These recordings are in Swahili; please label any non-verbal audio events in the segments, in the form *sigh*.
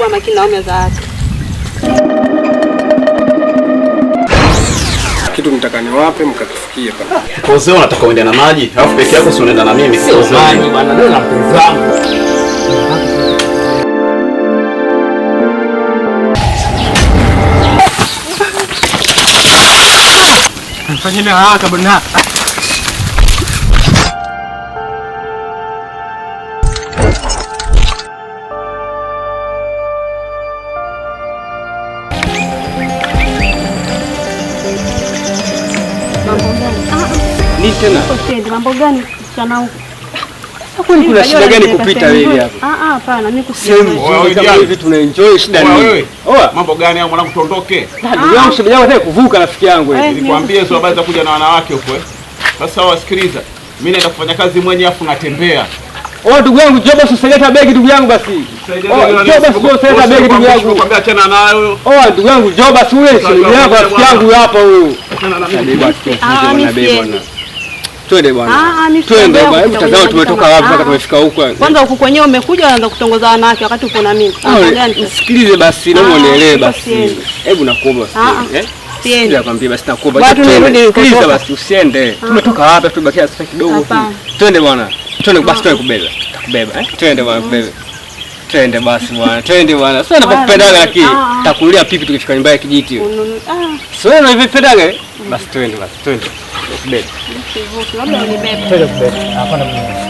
kuwa makini na omyo za watu. Kitu mtakani wape mkakifikia bana. Kozeo unataka uende na maji, alafu peke yako si unaenda na mimi. Sio maji bwana, leo na mpenzi wangu. Fanyeni haraka bwana. tena. Mambo gani msichana wangu? Kwani kuna shida gani kupita wewe hapa? Ah, ah, shida nini? Mambo gani hao mwanangu tuondoke? Ah, Ndio yangu tena kuvuka rafiki yangu hivi. Eh, Nikwambie habari za kuja na wanawake huko eh. Sasa wasikiliza. Mimi naenda kufanya kazi mwenye afu natembea. Oh, ndugu yangu joba usileta begi ndugu yangu basi. Joba usileta begi ndugu yangu. Nakwambia achana nayo. Oh, ndugu yangu joba si wewe, ndugu yangu rafiki yangu hapa huyu. Achana na mimi. Ah, mimi. Twende bwana. Ah, ah ni Twende bwana. Hebu tazama tumetoka wapi mpaka tumefika huko. Kwanza huko kwenyewe umekuja unaanza kutongoza wanawake wakati uko na mimi. Ah, Nisikilize basi na ah, unielewe basi. Hebu nakuomba basi. Ah, eh? Siende. Nakwambia basi nakuomba. Watu nirudi huko. Sikiliza basi usiende. Tumetoka wapi tubakia sasa kidogo tu. Twende bwana. Twende basi twende kubeba. Takubeba eh? Twende bwana kubeba. Twende basi bwana. Twende bwana. Sasa nakupendaga lakini takulia pipi tukifika nyumbani kijiti. Ah. Sasa navipendaga. Eh? Basi twende basi twende. เด็ดแล้วเรามีแบบเพื่อเด็ดอ่ะพ่อหนุ่ม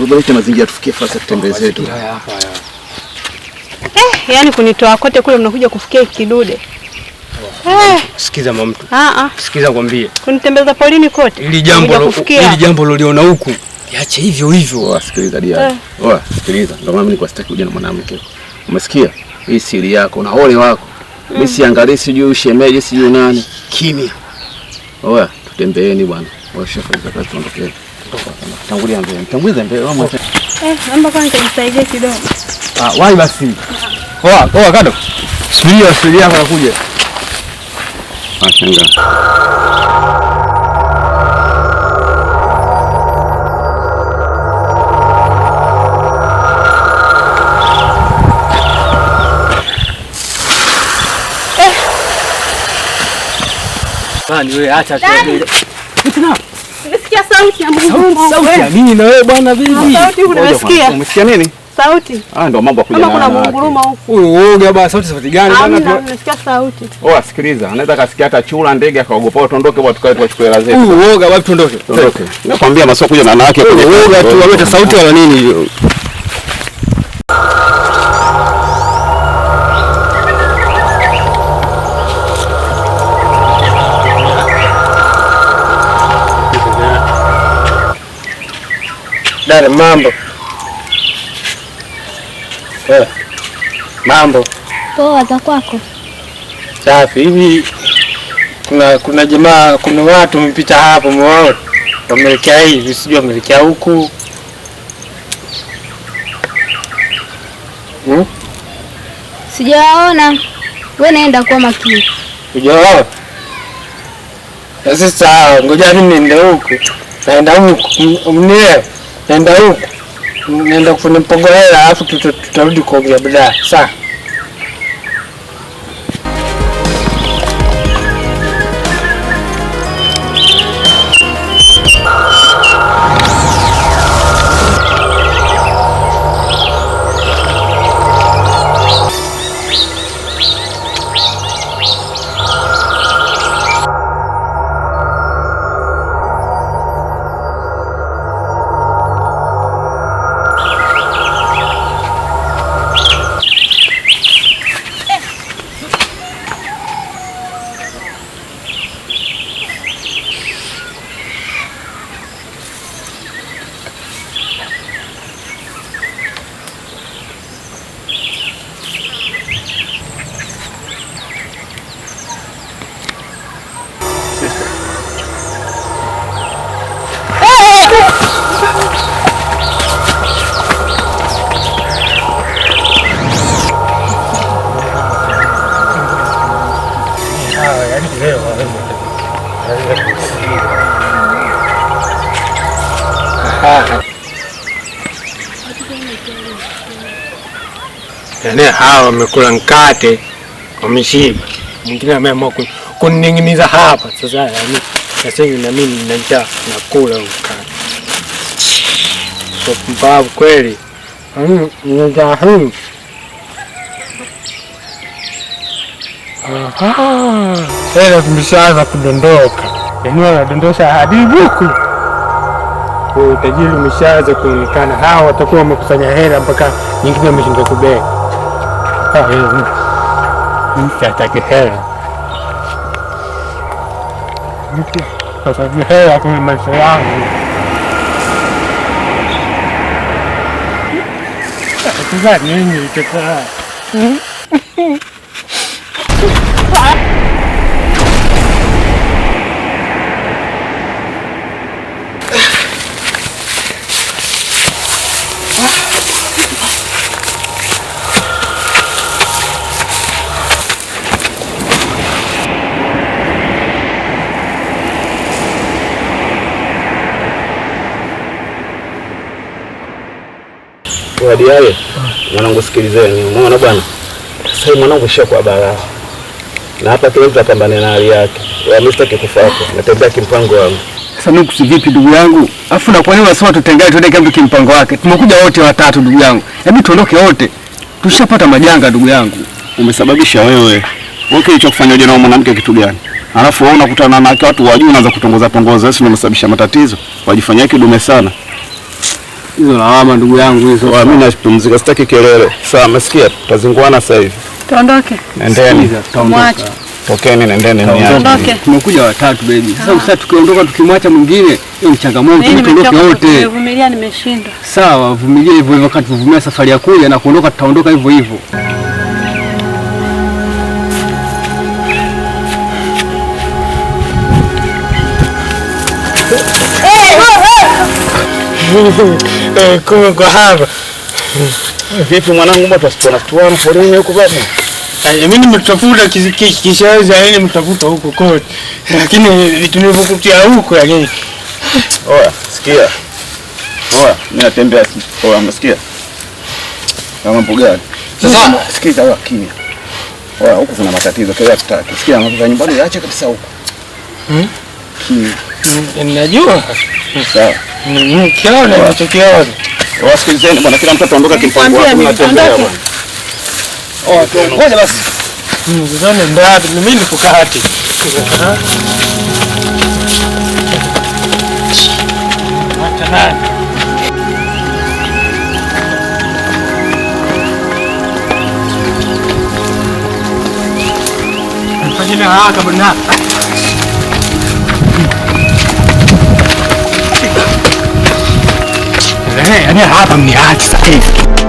tuboreshe mazingira, tufikie fursa tutembee zetu. Eh, yani kunitoa kote kule mnakuja kufikia kidude. Eh, sikiza mama mtu. Ah ah. Sikiza kwambie. Kunitembeza polini kote. Ili jambo ili jambo loliona huku. Yaache hivyo hivyo. Oh, sikiliza dia. Eh. Oh, sikiliza. Ndio maana mimi sitaki kuja na mwanamke. Umesikia? Hii siri yako na ole wako. Mm. Mimi siangalii sijui shemeji sijui nani. Kimya. Oya, oh, tutembeeni bwana. Washafaika oh, kazi tuondokee. Tangulia mbele, tangulia mbele. Eh, naomba kwanza nisaidie kidogo. Ah, wahi basi. Poa, poa kado. Subiria, subiria kwa kuja. Ashangaa. Ah, eh. Bani wewe acha tu. Tena sauti ya Mungu. Sauti ya nini na wewe bwana vipi? Sauti unasikia? Umesikia nini? Sauti. Ah, ndio mambo kuja na. kuna mnguruma huko. Uoga bwana, sauti sauti gani bwana? Bwana unasikia sauti. Oh, sikiliza. Anaweza kasikia hata chura ndege akaogopa tuondoke bwana tukae tukachukue hela zetu. Uoga bwana tuondoke? Tuondoke. Nakwambia masoko kuja na wanawake. kwenye. Uoga tu wewe sauti wala nini hiyo? Habari, mambo eh? Mambo poa, za kwako? Safi. Hivi kuna kuna jamaa, kuna watu wamepita hapo, mwao. wamelekea hivi, sijui wamelekea huku hmm? Sijawaona. Wewe naenda kwa makini, Sijaona. Sasa ngoja mimi niende huku, naenda huku, umnielewa nenda huku, nenda kufuni hela, alafu tutarudi kuongea baadaye. Sawa. Yaani hawa wamekula mkate wameshiba, mwingine ameamua kuning'iniza hapa sasa. Yaani nasema na mimi nina njaa, nakula mkate pumbavu kweli. Aha, sasa kudondoka, yaani wanadondosha hadi huku utajiri umeshaanza kuonekana. Hawa watakuwa wamekusanya hela mpaka nyingine wameshinda kubeba. Ah, eh, eh. Atake hela hela kwenye maisha yangu nini *laughs* Wadi yaye mwanangu, sikilizeni, umeona bwana, sasa mwanangu kwa balaa na hapa kile mtu apambane na hali yake. Mimi sitaki kufuata, natembea kimpango wangu. Sasa mimi kusi vipi ndugu yangu? Afu na kwa nini unasema tutengane tuende kambi kimpango wake? Tumekuja wote watatu ndugu yangu. Hebu tuondoke wote. Tushapata majanga ndugu yangu. Umesababisha wewe. wewe, Okay, cha jana na mwanamke kitu gani? Alafu wewe unakutana na watu wajui unaanza kutongoza pongoza, sasa ndio matatizo. Wajifanyia kidume sana hizo lawama ndugu yangu hizo. Mimi napumzika, sitaki kelele. Sawa, masikia tutazinguana sasa hivi. Tuondoke. Nendeni. Tumwache. Tokeni nendeni. Tuondoke. Tumekuja watatu baby. Ah. Sasa tukiondoka tukimwacha mwingine, hiyo ni changamoto. Tuondoke wote. Nimevumilia, nimeshindwa. Sawa, vumilia hivyo hivyo, wakati tuvumilia safari ya kuja na kuondoka, tutaondoka hivyo hivyo. Eh, kumbe kwa hapa. Vipi mwanangu, mbona tusikiana tuana foleni huko baba? Eh, mimi nimetafuta kishazi, yaani nimetafuta huko kote. Lakini vitu nilivyokutia huko yaani. Oya, sikia. Oya, mimi natembea Oya, msikia. Kama mambo Sasa sikiza wewe kimya. Oya, huko kuna matatizo kile hatutaki. Sikia mambo nyumbani yaache kabisa huko. Hmm? Kimya. Hmm, ninajua. Sawa. Wasikilizeni bwana, kila mtu ataondoka kimpango अरे अरे आप हमने आज हाथ